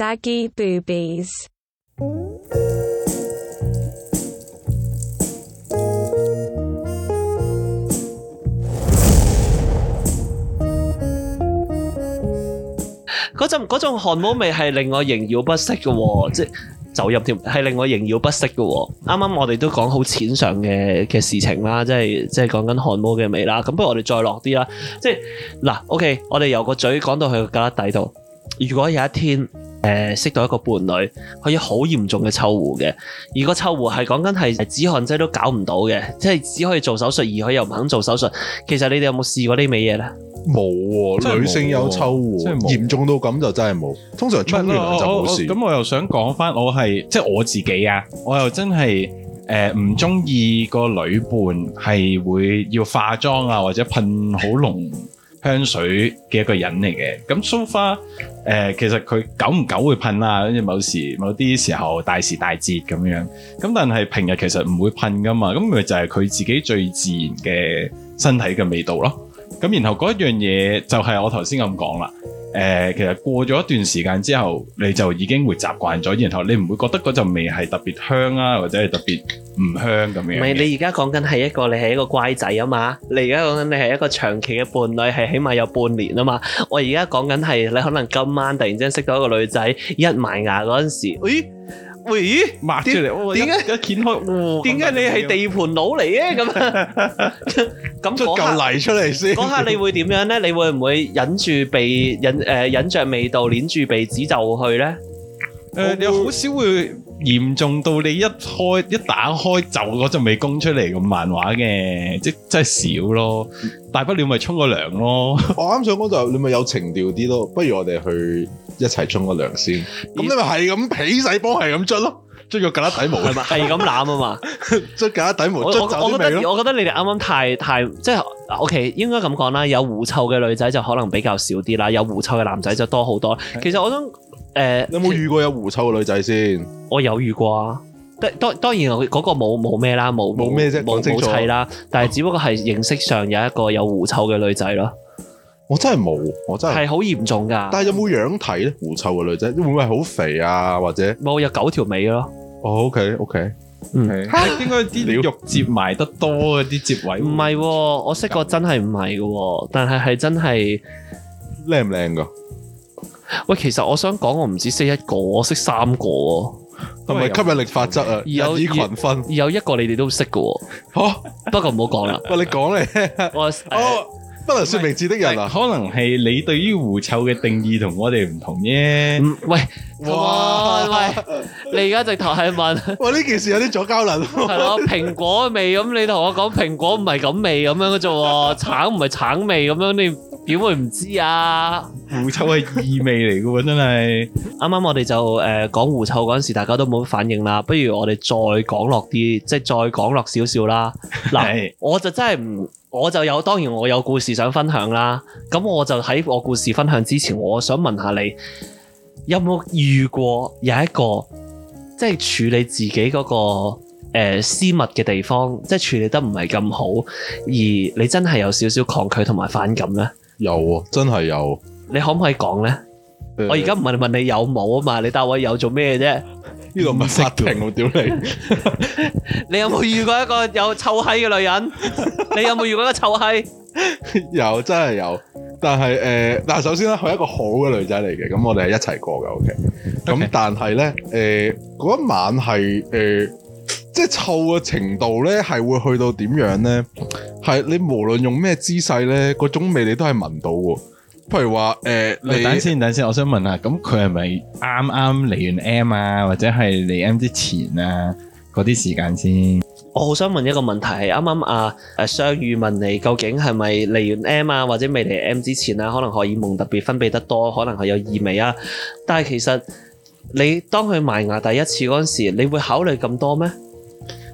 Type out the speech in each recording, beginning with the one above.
嗰陣嗰種汗毛味係令我縈繞不息嘅、哦，即係走入條係令我縈繞不息嘅、哦。啱啱我哋都講好淺嘗嘅嘅事情啦，即係即係講緊汗毛嘅味啦。咁不如我哋再落啲啦，即係嗱，OK，我哋由個嘴講到去個胳肋底度。如果有一天誒，識到一個伴侶，佢有好嚴重嘅臭狐嘅，而個臭狐係講緊係止汗劑都搞唔到嘅，即係只可以做手術，而佢又唔肯做手術。其實你哋有冇試過呢味嘢咧？冇、哦，女性有臭狐，嚴重到咁就真係冇。通常中年了就冇事。咁我，我，我又想講翻，我係即係我自己啊，我又真係誒唔中意個女伴係會要化妝啊，或者噴好濃。 香水嘅一個人嚟嘅，咁蘇花誒，其實佢久唔久會噴啦，跟住某時某啲時候大時大節咁樣，咁但係平日其實唔會噴㗎嘛，咁咪就係佢自己最自然嘅身體嘅味道咯，咁然後嗰一樣嘢就係我頭先咁講啦。誒、呃，其實過咗一段時間之後，你就已經會習慣咗，然後你唔會覺得嗰陣味係特別香啊，或者係特別唔香咁樣。唔係，你而家講緊係一個你係一個乖仔啊嘛，你而家講緊你係一個長期嘅伴侶，係起碼有半年啊嘛。我而家講緊係你可能今晚突然之間識到一個女仔一埋牙嗰陣時，哎咦？掹出嚟？點解？點解你係地盤佬嚟嘅？咁咁，就嚿泥出嚟先。講下你會點樣咧？你會唔會忍住鼻忍誒忍着味道，捏住鼻子就去咧？誒，你好少會嚴重到你一開一打開就嗰陣味供出嚟咁漫畫嘅，即真係少咯。大不了咪沖個涼咯。我啱想講就你咪有情調啲咯。不如我哋去。一齊沖個涼先，咁、嗯、你咪係咁起洗波，係咁捽咯，捽個格粒底， 底毛，係咪？係咁攬啊嘛，捽格粒底毛，捽就係。我覺得你哋啱啱太太，即係 OK，應該咁講啦。有狐臭嘅女仔就可能比較少啲啦，有狐臭嘅男仔就多好多。其實我想，誒、呃，有冇遇過有狐臭嘅女仔先？我有遇過啊，但當然嗰個冇冇咩啦，冇冇咩啫，冇冇妻啦，但係只不過係認識上有一個有狐臭嘅女仔咯。我真係冇，我真係係好嚴重噶，但係有冇樣睇咧？狐臭嘅女仔會唔會係好肥啊？或者冇有九條尾咯？哦，OK OK，嗯，應該啲肉接埋得多嗰啲接位，唔係，我識個真係唔係嘅，但係係真係靚唔靚噶？喂，其實我想講，我唔止識一個，我識三個啊，係咪吸引力法則啊？人以群分，有一個你哋都識嘅，好，不過唔好講啦。喂，你講嚟！不能説名字的人啊，可能係你對於狐臭嘅定義同我哋唔同啫。唔喂，哇喂，你而家直頭係問，我呢件事有啲左膠能，係咯，蘋果味咁，你同我講蘋果唔係咁味咁樣嘅啫喎，橙唔係橙味咁樣你。點會唔知啊？狐臭係異味嚟嘅喎，真係。 啱啱我哋就誒講狐臭嗰陣時，大家都冇反應啦。不如我哋再講落啲，即係再講落少少啦。嗱， 我就真係唔，我就有，當然我有故事想分享啦。咁我就喺我故事分享之前，我想問下你，有冇遇過有一個，即係處理自己嗰、那個誒、呃、私密嘅地方，即係處理得唔係咁好，而你真係有少少抗拒同埋反感呢？有啊，真係有。你可唔可以講咧？呃、我而家唔係問你有冇啊嘛，你答我有做咩啫？呢個唔係法庭，我屌你！你有冇遇過一個有臭閪嘅女人？ 你有冇遇過一個臭閪？ 有，真係有，但係誒、呃，但首先咧，佢係一個好嘅女仔嚟嘅，咁我哋係一齊過嘅，OK, okay。咁但係咧，誒嗰一晚係誒、呃，即係臭嘅程度咧，係會去到點樣咧？係你無論用咩姿勢咧，嗰種味你都係聞到。譬如話誒、呃，等先等先，我想問下，咁佢係咪啱啱嚟完 M 啊，或者係嚟 M 之前啊，嗰啲時間先？我好想問一個問題，係啱啱啊，阿雙宇問你，究竟係咪嚟完 M 啊，或者未嚟 M 之前啊？可能荷爾蒙特別分泌得多，可能係有異味啊？但係其實你當佢埋牙第一次嗰陣時，你會考慮咁多咩？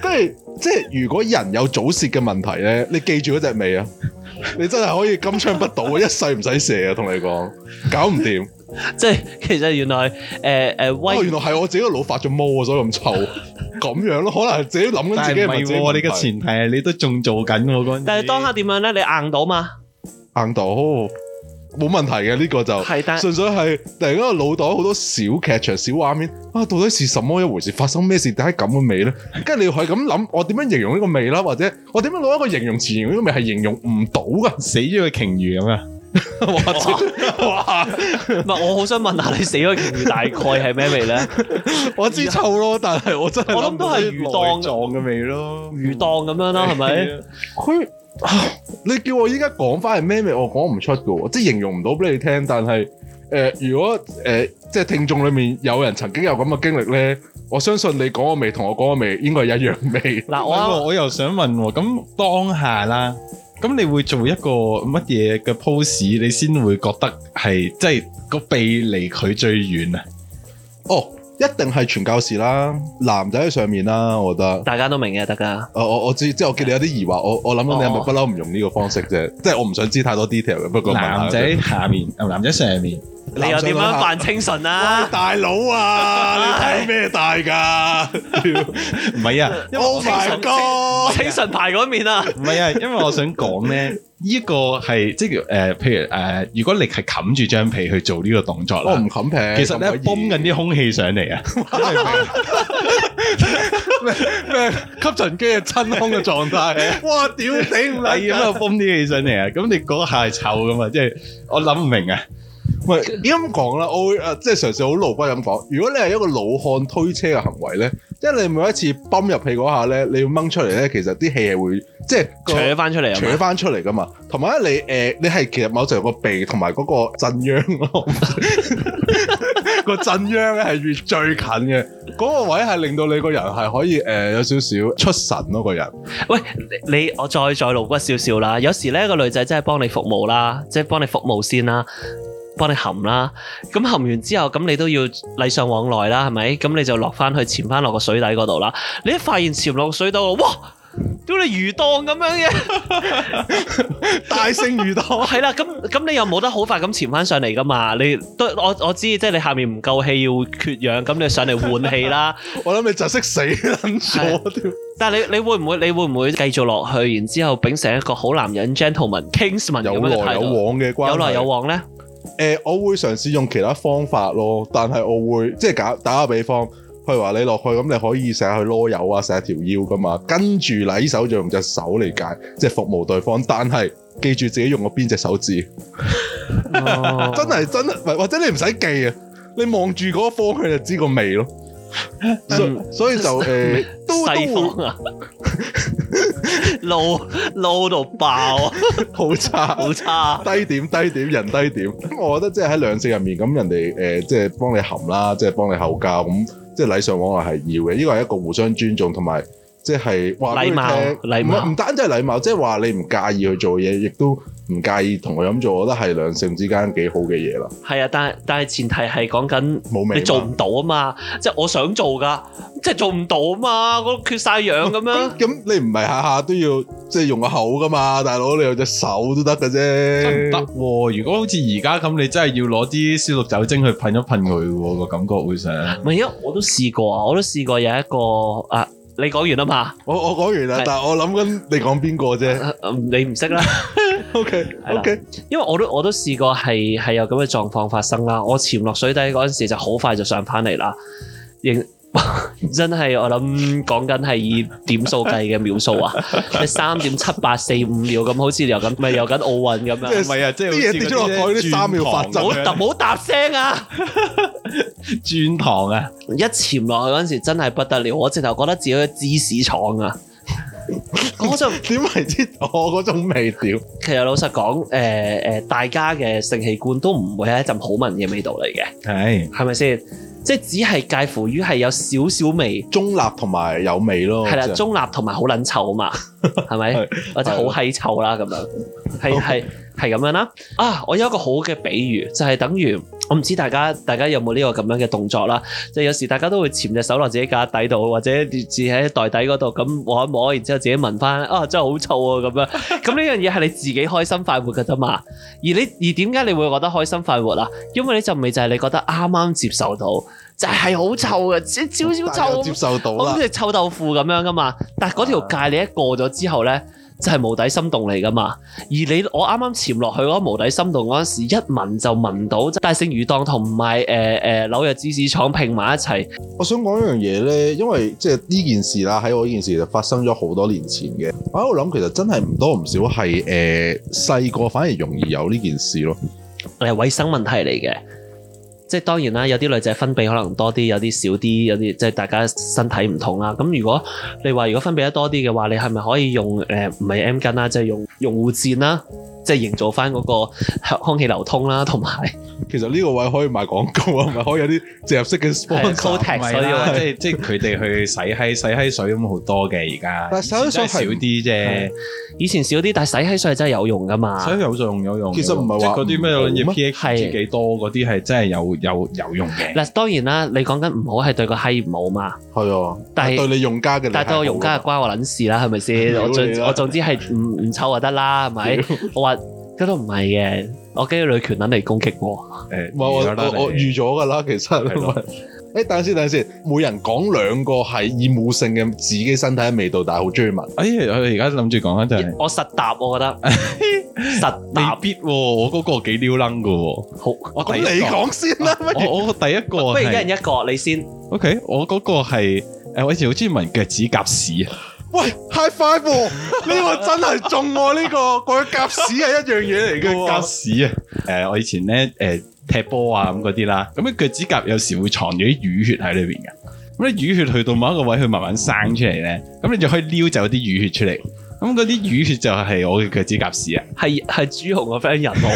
跟住，即係，如果人有早泄嘅問題咧，你記住嗰隻味啊！你真係可以金槍不倒，啊， 一世唔使射啊！同你講，搞唔掂。 即係其實原來誒誒，呃呃、哦，原來係我自己個腦發咗毛啊，所以咁臭。咁 樣咯，可能係自己諗緊自己嘅、啊、問，問題。你嘅前提，你都仲做緊我嗰陣。但係當刻點樣咧？你硬到嘛？硬到。冇問題嘅呢個就係純粹係突然間個腦袋好多小劇場、小畫面啊！到底係什麼一回事？發生咩事？點解咁嘅味咧？跟住你係咁諗，我點樣形容呢個味啦？或者我點樣攞一個形容詞形容呢個味，係形容唔到㗎，死咗個鯨魚咁啊？或唔係，我好想問下你死咗鯨魚大概係咩味咧？ 我知臭咯，但係我真係我諗都係魚檔嘅味咯，魚檔咁樣啦，係咪佢？ 啊、你叫我依家講翻係咩味，我講唔出噶，即係形容唔到俾你聽。但係誒、呃，如果誒、呃，即係聽眾裏面有人曾經有咁嘅經歷咧，我相信你講嘅味同我講嘅味應該係一樣味。嗱、啊，我、嗯、我又想問，咁當下啦，咁你會做一個乜嘢嘅 pose，你先會覺得係即係個鼻離佢最遠啊？哦。一定係傳教士啦，男仔喺上面啦，我覺得大家都明嘅得噶。我我我知，即係我見你有啲疑惑，我我諗緊你係咪不嬲唔用呢個方式啫？哦、 即係我唔想知太多 detail 嘅。不過問男仔下面， 男仔上面。你又點樣扮清純啊？大佬啊，你睇咩大噶？唔係啊，Oh my God！清純牌嗰面啊，唔係啊，因為我想講咧，呢一個係即係誒，譬如誒，如果你係冚住張被去做呢個動作咧，我唔冚被，其實咧泵緊啲空氣上嚟啊！咩咩吸塵機嘅真空嘅狀態啊！哇，屌死！係咩泵啲氣上嚟啊？咁你嗰下係臭噶嘛？即係我諗唔明啊！唔係，你咁講啦，我會誒，即係嘗試好露骨咁講。如果你係一個老漢推車嘅行為咧，即係你每一次泵入去嗰下咧，你要掹出嚟咧，其實啲氣係會即係扯翻出嚟，扯翻出嚟噶嘛。同埋咧，你誒，你係其實某程度個鼻同埋嗰個震央，個震央咧係越最近嘅嗰個位，係令到你個人係可以誒有少少出神囉個人。喂，你我再再露骨少少啦。有時咧，個女仔真係幫你服務啦，即係幫你服務先啦。幫你含啦，咁含完之後，咁你都要禮尚往來啦，係咪？咁你就落翻去潛翻落個水底嗰度啦。你一發現潛落水度，哇，屌你魚檔咁樣嘅大聲魚檔，係 啦。咁咁你又冇得好快咁潛翻上嚟噶嘛？你都我我知，即係你下面唔夠氣要缺氧，咁你上嚟換氣啦。 我諗你就識死諗錯，的 但係你你會唔會你會唔會繼續落去？然後之後秉承一個好男人 gentleman kingsman 咁嘅態度，有來有往嘅關係，有來有往咧。誒、欸，我會嘗試用其他方法咯，但係我會即係解打、打個比方，譬如話你落去咁，你可以成日去囉柚啊，成日條腰噶、啊、嘛，跟住嗱依手就用隻手嚟解，即係服務對方，但係記住自己用個邊隻手指，哦、 真係真唔係，或者你唔使記啊，你望住嗰個方向就知個味咯，所、嗯、所以就誒、欸啊、都會、都會 low low 到爆啊！好 差，好 差。低點低點人低點， 我覺得即係喺兩性入面咁，人哋誒即係幫你含啦，即係幫你後教咁，即係禮尚往來係要嘅。呢個係一個互相尊重同埋，即係話禮貌，禮貌唔單止係禮貌，即係話你唔介意去做嘢，亦都。唔介意同我咁做，我覺得係兩性之間幾好嘅嘢啦。係啊，但係但係前提係講緊冇味，你做唔到啊嘛！即係我想做噶，即係做唔到啊嘛！我都缺晒氧咁樣。咁、哦、你唔係下下都要即係用個口噶嘛，大佬你有隻手都得噶啫。得、哦、如果好似而家咁，你真係要攞啲消毒酒精去噴一噴佢喎、啊，個感覺會成。唔係，因為我都試過啊，我都試過有一個啊，你講完啦嘛。我是但我講完啦，但係我諗緊你講邊個啫？你唔識啦。 O K，係啦，okay, okay. 因為我都我都試過係係有咁嘅狀況發生啦。我潛落水底嗰陣時，就好快就上翻嚟啦。真係我諗講緊係以點數計嘅秒數啊！你三點七八四五秒咁，好似游緊咪游緊奧運咁樣。即係唔係啊？即係啲嘢跌咗落台啲三秒發作，唔好唔答聲啊！轉 堂啊！一潛落去嗰陣時真係不得了不，我直頭覺得自己係芝士廠啊！就 我就點為之我嗰種味道？ 其實老實講，誒、呃、誒，大家嘅性器官都唔會係一陣好聞嘅味道嚟嘅，係係咪先？即係只係介乎於係有少少味，中立同埋有味咯。係、啊、啦，中立同埋好撚臭啊嘛，係咪？或者好閪臭啦咁樣，係係。係咁樣啦、啊，啊，我有一個好嘅比喻，就係、是、等於我唔知大家大家有冇呢、呢個咁樣嘅動作啦，就是、有時大家都會潛隻手落自己架底度，或者住喺袋底嗰度咁摸一摸，然之後自己聞翻，啊，真係好臭啊咁樣，咁呢 樣嘢係你自己開心快活嘅啫嘛。而你而點解你會覺得開心快活啊？因為你就味就係你覺得啱啱接受到，就係、是、好臭啊，即超超臭，接受到啦，好似臭豆腐咁樣噶嘛。但係嗰條界你一過咗之後咧。就係無底心洞嚟噶嘛，而你我啱啱潛落去嗰無底心洞嗰陣時，一聞就聞到即係大聖魚檔同埋誒誒紐約芝士廠拼埋一齊。我想講一樣嘢咧，因為即係呢件事啦，喺我呢件事就發生咗好多年前嘅。喺我諗其實真係唔多唔少係誒細個反而容易有呢件事咯，誒衞生問題嚟嘅。即係當然啦，有啲女仔分泌可能多啲，有啲少啲，有啲即係大家身體唔同啦。咁如果你話如果分泌得多啲嘅話，你係咪可以用誒唔係 M 巾啦、啊，即係用用護墊啦？即係營造翻嗰個空氣流通啦，同埋其實呢個位可以賣廣告啊，同埋可以有啲植入式嘅。係。所以即係佢哋去洗閪洗閪水咁好多嘅而家，洗閪水少啲啫。以前少啲，但係洗閪水真係有用噶嘛。洗閪水有用，有用，其實唔係話嗰啲咩嘢 pH 值幾多嗰啲係真係有有有用嘅。嗱當然啦，你講緊唔好係對個閪唔好嘛。係啊，但係對你用家嘅，但係對我用家又關我撚事啦，係咪先？我總之係唔唔臭就得啦，係咪？佢都唔係嘅，我驚女權撚嚟攻擊我。誒，我我預咗噶啦，其實。係誒對了、欸，等陣先，等陣先，每人講兩個係厭惡性嘅自己身體嘅味道，但係好中意聞。哎，佢哋而家諗住講就係、是。我實答，我覺得 實答必、哦。我嗰個幾撩楞噶。好。我咁你講先啦。我第一個。不如一人一個，你先。O、okay, K，我嗰個係誒，我以前好中意聞嘅指甲屎。喂，high five！呢、啊、 個真係中我、啊、呢、呢個，關於夾屎係一樣嘢嚟嘅。夾屎啊！誒，我以前咧誒、呃、踢波啊咁嗰啲啦，咁咧腳趾甲有時會藏住啲淤血喺裏邊嘅。咁啲淤血去到某一個位，佢慢慢生出嚟咧，咁你就可以撩走啲淤血出嚟。咁嗰啲淤血就係我嘅腳趾甲屎啊！係，係豬紅個 friend 人豪，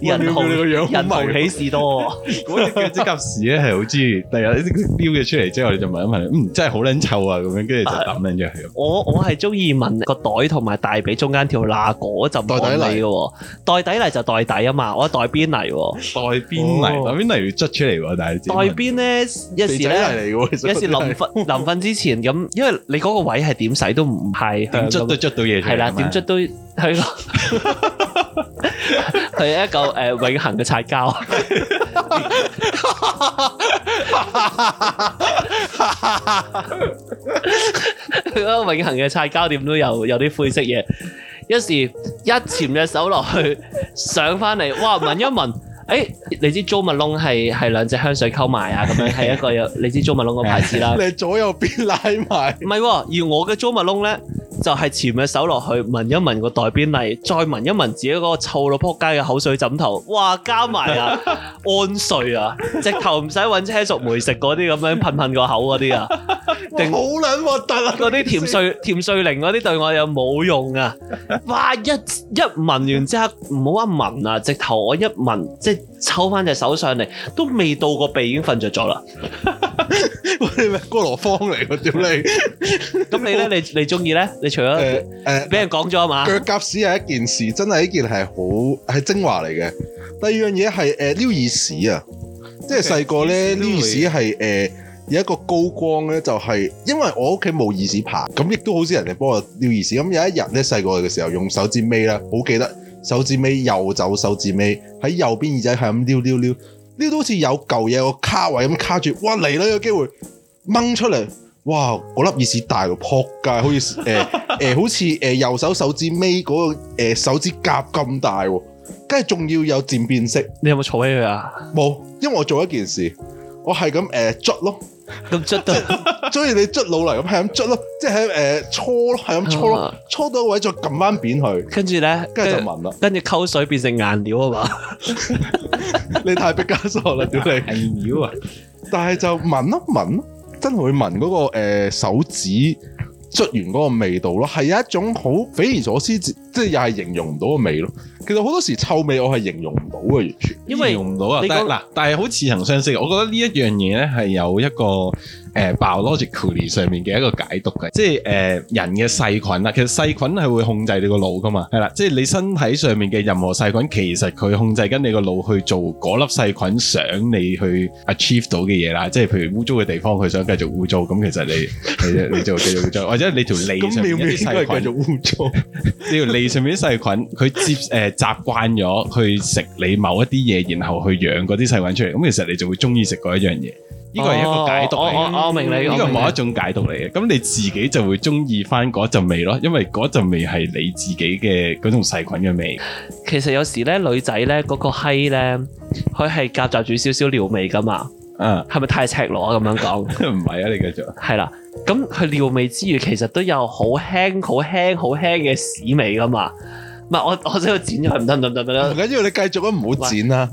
人豪人豪喜事多，嗰隻腳趾甲屎咧係好中意。第日一啲標嘅出嚟之後，你就聞一聞，嗯，真係好撚臭啊！咁樣跟住就抌撚咗去。我我係中意聞個袋同埋大髀中間條罅嗰陣。袋底嚟嘅喎，袋底嚟就袋底啊嘛，我袋邊泥。袋邊嚟，袋邊嚟要捽出嚟喎，但係袋邊咧一時咧一時臨瞓臨瞓之前咁，因為你嗰個位係點洗都唔係都捉到嘢，係啦，點捉都佢，佢一個誒永恒嘅擦膠，永恒嘅擦膠點都有有啲灰色嘢，一時一潛隻手落去上返嚟，哇聞一聞，誒你知 Jo Malone 係係兩隻香水溝埋啊，咁樣係一個有你知 Jo Malone 個牌子啦，你左右邊拉埋，唔係，而我嘅 Jo Malone 咧。就係潛咗手落去聞一聞個袋邊嚟，再聞一聞自己嗰個臭到撲街嘅口水枕頭，哇！加埋啊，安睡啊，直頭唔使搵車熟梅食嗰啲咁樣噴噴個口嗰啲啊，好卵核突啊！嗰啲甜睡甜睡靈嗰啲對我又冇用啊！哇！一一聞完之後，唔好一聞啊，直頭我一聞即。抽翻隻手上嚟，都未到個鼻，已經瞓着咗啦。喂， 咩？哥羅芳嚟嘅屌你？咁你咧，你你中意咧？你除咗誒誒，俾人講咗啊嘛？腳、呃、甲、呃呃、屎係一件事，真係一件係好係精華嚟嘅。第二樣嘢係誒撩耳屎啊，即係細個咧撩耳屎係誒、呃、有一個高光咧，就係、是、因為我屋企冇耳屎刨，咁亦都好少人哋幫我撩耳屎。咁有一日咧，細個嘅時候用手指尾啦，好記得。手指尾右走，手指尾喺右邊耳仔係咁撩撩撩，撩到好似有舊嘢個卡位咁卡住，哇嚟啦，有機會掹出嚟，哇嗰粒耳屎大到撲街，好似誒誒，好似誒、呃、右手手指尾嗰、那個誒、呃、手指甲咁大，跟住仲要有漸變色，你有冇嘈起佢啊？冇，因為我做一件事，我係咁誒捽咯，咁捽得！所以你捽腦嚟咁，係咁捽咯，即係誒搓，係咁搓咯，搓到位再撳翻扁佢，跟住咧，跟住著就聞啦，跟住溝水變成顏料啊嘛， 你太畢加索啦，屌你！ 眼料啊，但係就聞咯聞咯，真係會聞嗰個誒手指捽完嗰個味道咯，係有一種好匪夷所思，即係又係形容唔到個味咯。其實好多時臭味我係形容唔到嘅，完全形容唔到啊！但係啦但係好似曾相識，我覺得呢一樣嘢咧係有一個誒、uh,，biologically 上面嘅一個解讀嘅，即係誒、uh, 人嘅細菌啦。其實細菌係會控制你個腦噶嘛，係啦。即係你身體上面嘅任何細菌，其實佢控制緊你個腦去做嗰粒細菌想你去 achieve 到嘅嘢啦。即係譬如污糟嘅地方，佢想繼續污糟，咁其實你你你做繼續做或者你條脷咁上面啲細菌繼 續污糟， 你條脷上面啲細菌佢接誒。Uh, 習慣咗去食你某一啲嘢，然後去養嗰啲細菌出嚟，咁其實你就會中意食嗰一樣嘢。呢個係一個解讀，我我我明你呢個某一種解讀嚟嘅。咁你自己就會中意翻嗰陣味咯，因為嗰陣味係你自己嘅嗰種細菌嘅味。其實有時咧，女仔咧嗰、嗰個閪咧，佢係夾雜住少少尿味噶嘛。嗯，係咪太赤裸咁、啊、樣講？唔係 啊，你繼續。係啦，咁佢尿味之餘，其實都有好輕、好輕、好輕嘅屎味噶嘛。唔係我我喺度剪咗，佢唔噔噔噔啦。唔緊要，你繼續啊，唔好剪啦。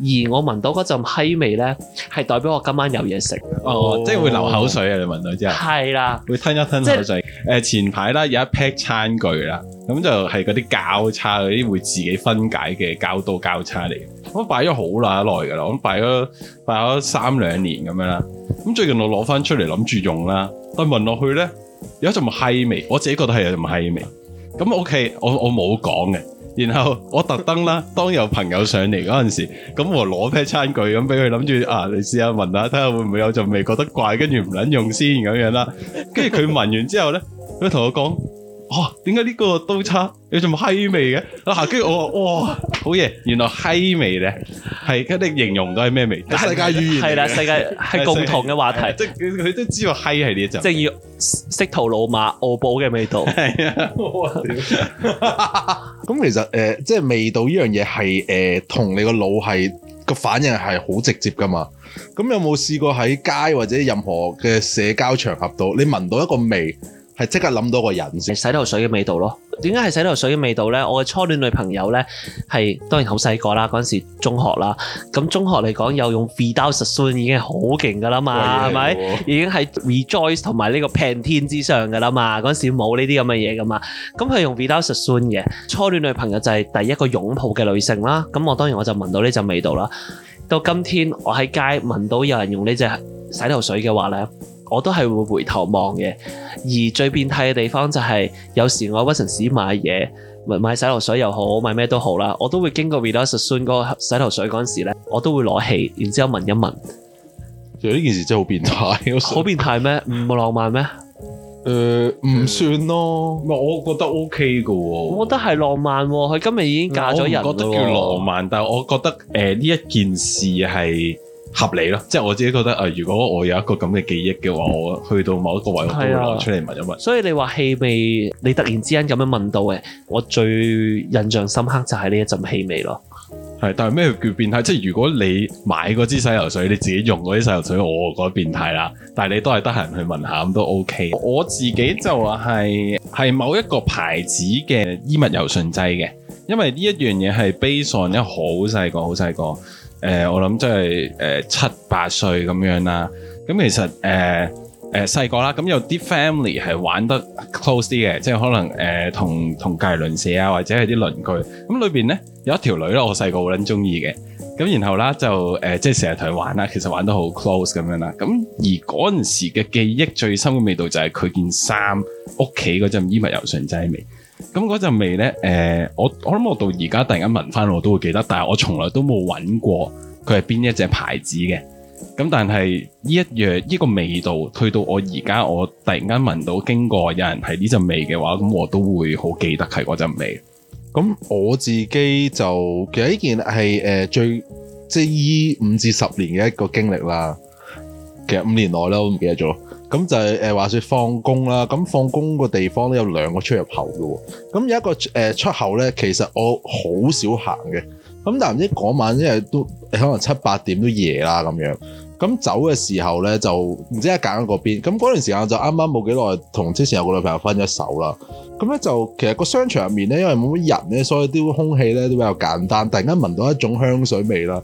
而我聞到嗰陣閪味咧，係代表我今晚有嘢食。哦，哦即係會流口水啊！你聞到之後，係啦，會吞一吞口水。誒即，前排啦，有一 pack 餐具啦，咁就係嗰啲膠叉嗰啲會自己分解嘅膠刀膠叉嚟。我擺咗好耐耐噶啦，我擺咗擺咗三兩年咁樣啦。咁最近我攞翻出嚟諗住用啦，但聞落去咧有一陣閪味，我自己覺得係有陣閪味。咁 OK，我我冇講嘅，然後我特登啦， 當有朋友上嚟嗰陣時，咁我攞咩餐具咁俾佢，諗住啊，你試下聞下，睇下會唔會有陣味覺得怪，跟住唔撚用先咁樣啦。跟住佢聞完之後咧，佢同我講：哦、啊，點解呢個刀叉有陣閪味嘅？啊，跟住我話：哇！ 好嘢，原來閪味咧，係一定形容到係咩味道？ 世界語言係啦，世界係共同嘅話題。即佢佢都知道閪係呢一隻。即要識途老馬，惡補嘅味道。係啊，咁其實誒，即、呃、係、就是、味道呢樣嘢係誒，同、呃、你個腦係個反應係好直接噶嘛。咁有冇試過喺街或者任何嘅社交場合度，你聞到一個味？係即刻諗到個人，洗頭水嘅味道咯。點解係洗頭水嘅味道呢？我嘅初戀女朋友呢，係當然好細個啦，嗰陣時中學啦。咁中學嚟講，又用 Vidal Sassoon 已經係好勁噶啦嘛，係咪？已經喺 Rejoice 同埋呢個 Pantene 之上噶啦嘛。嗰陣時冇呢啲咁嘅嘢噶嘛。咁佢用 Vidal Sassoon 嘅初戀女朋友就係第一個擁抱嘅女性啦。咁我當然我就聞到呢陣味道啦。到今天我喺街聞到有人用呢隻洗頭水嘅話呢。我都係會回頭望嘅，而最變態嘅地方就係、是、有時我屈臣氏買嘢，買洗頭水又好，買咩都好啦，我都會經過 relaxing 個洗頭水嗰陣時咧，我都會攞起，然之後聞一聞。其實呢件事真係好變態，好變態咩？唔浪漫咩？誒、呃，唔算咯。唔係，我覺得 OK 嘅喎、哦。我覺得係浪漫喎、哦。佢今日已經嫁咗人了、哦嗯。我覺得叫浪漫，但係我覺得誒呢、呃、一件事係。合理咯，即係我自己覺得啊、呃，如果我有一個咁嘅記憶嘅話，我去到某一個位，我都攞出嚟聞一聞。啊、所以你話氣味，你突然之間咁樣問到嘅，我最印象深刻就係呢一陣氣味咯。係，但係咩叫變態？即係如果你買嗰支洗頭水，你自己用嗰啲洗頭水，我，我覺得變態啦。但係你都係得閒去問下咁都 OK。我自己就係、是、係某一個牌子嘅衣物柔順劑嘅，因為呢一樣嘢係 based on 好細個，好細個。誒、呃、我諗即係誒七八歲咁樣啦，咁其實誒誒細個啦，咁、呃呃、有啲 family 係玩得 close 啲嘅，即係可能誒、呃、同同隔鄰舍啊，或者係啲鄰居，咁裏邊咧有一條女啦，我細個好撚中意嘅，咁然後啦就誒、呃、即係成日同佢玩啦，其實玩得好 close 咁樣啦，咁而嗰陣時嘅記憶最深嘅味道就係佢件衫屋企嗰陣衣物柔順劑味。咁嗰陣味咧，誒、呃，我我諗我到而家突然間聞翻，我都會記得，但係我從來都冇揾過佢係邊一隻牌子嘅。咁但係呢一樣呢個味道，去到我而家，我突然間聞到經過，有人提呢陣味嘅話，咁我都會好記得係嗰陣味。咁我自己就其實呢件係誒、呃、最即係依五至十年嘅一個經歷啦。其實五年內啦，我唔記得咗。咁就係誒，話説放工啦。咁放工個地方咧，有兩個出入口嘅喎。咁有一個誒出口咧，其實我好少行嘅。咁但係唔知嗰晚因為都可能七八點都夜啦咁樣。咁走嘅時候咧，就唔知係揀咗嗰邊。咁嗰段時間就啱啱冇幾耐，同之前有個女朋友分咗手啦。咁咧就其實個商場入面咧，因為冇乜人咧，所以啲空氣咧都比較簡單。突然間聞到一種香水味啦。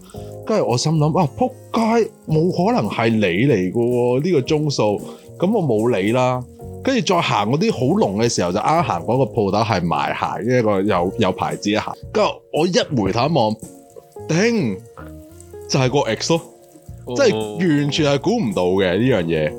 跟住我心諗啊，仆街冇可能係你嚟噶喎，呢、呢個鐘數，咁我冇理啦。跟住再行嗰啲好濃嘅時候，就啱行嗰個鋪頭係賣鞋呢一個有有牌子一行，跟住我一回頭望，頂就係、係、個 X 咯、哦，即係完全係估唔到嘅呢樣嘢。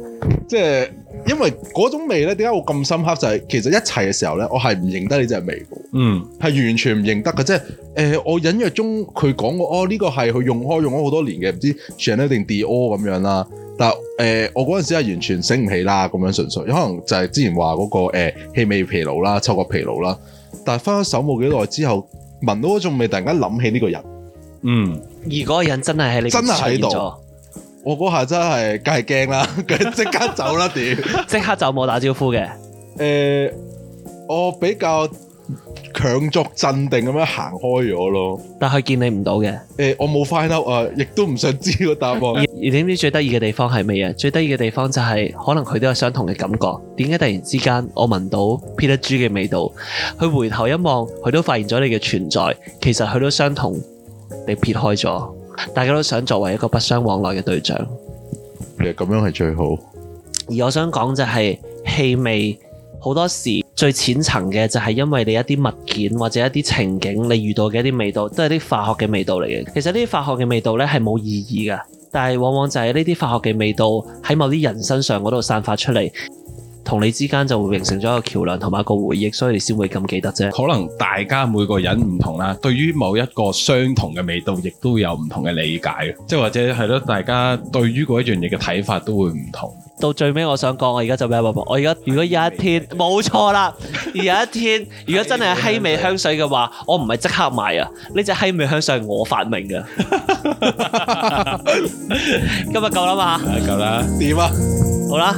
即係因為嗰種味咧，點解我咁深刻？就係、係、其實一齊嘅時候咧，我係唔認得呢隻味嗯，係完全唔認得嘅，即係。誒、呃，我隱約中佢講過哦，呢、這個係佢用開用咗好多年嘅，唔知 Chanel 定 Dior 咁樣啦。但誒、呃，我嗰陣時係完全醒唔起啦，咁樣純粹，可能就係之前話嗰、那個誒、呃、氣味疲勞啦，嗅覺疲勞啦。但係分咗手冇幾耐之後，聞到嗰種味，突然間諗起呢個人。嗯。而嗰個人真係喺你邊出現咗？真係喺度，我嗰下真係梗係驚啦，佢即刻走啦，點？即刻走冇打招呼嘅。誒、呃，我比較。強作鎮定咁樣行開咗咯，但佢見你唔到嘅。誒、欸，我冇 find out 啊，亦都唔想知個答案。 而點知最得意嘅地方係咩嘢？最得意嘅地方就係、是、可能佢都有相同嘅感覺。點解突然之間我聞到撇得豬嘅味道？佢回頭一望，佢都發現咗你嘅存在。其實佢都相同被撇開咗，大家都想作為一個不相往來嘅對象。其實咁樣係最好。而我想講就係、是、氣味好多時。最淺層嘅就係因為你一啲物件或者一啲情景，你遇到嘅一啲味道都係啲化學嘅味道嚟嘅。其實呢啲化學嘅味道咧，係冇意義㗎，但係往往就係呢啲化學嘅味道喺某啲人身上嗰度散發出嚟，同你之間就會形成咗一個橋樑同埋一個回憶，所以你先會咁記得啫。可能大家每個人唔同啦，對於某一個相同嘅味道，亦都有唔同嘅理解，即係或者係咯，大家對於嗰一樣嘢嘅睇法都會唔同。到最尾我想講，我而家就俾阿伯，我而家如果有一天冇錯 啦，而 有一天如果真係稀味香水嘅話，我唔係即刻買啊！呢隻稀味香水係我發明嘅。 今日夠啦嘛？夠啦。點啊？啊好啦。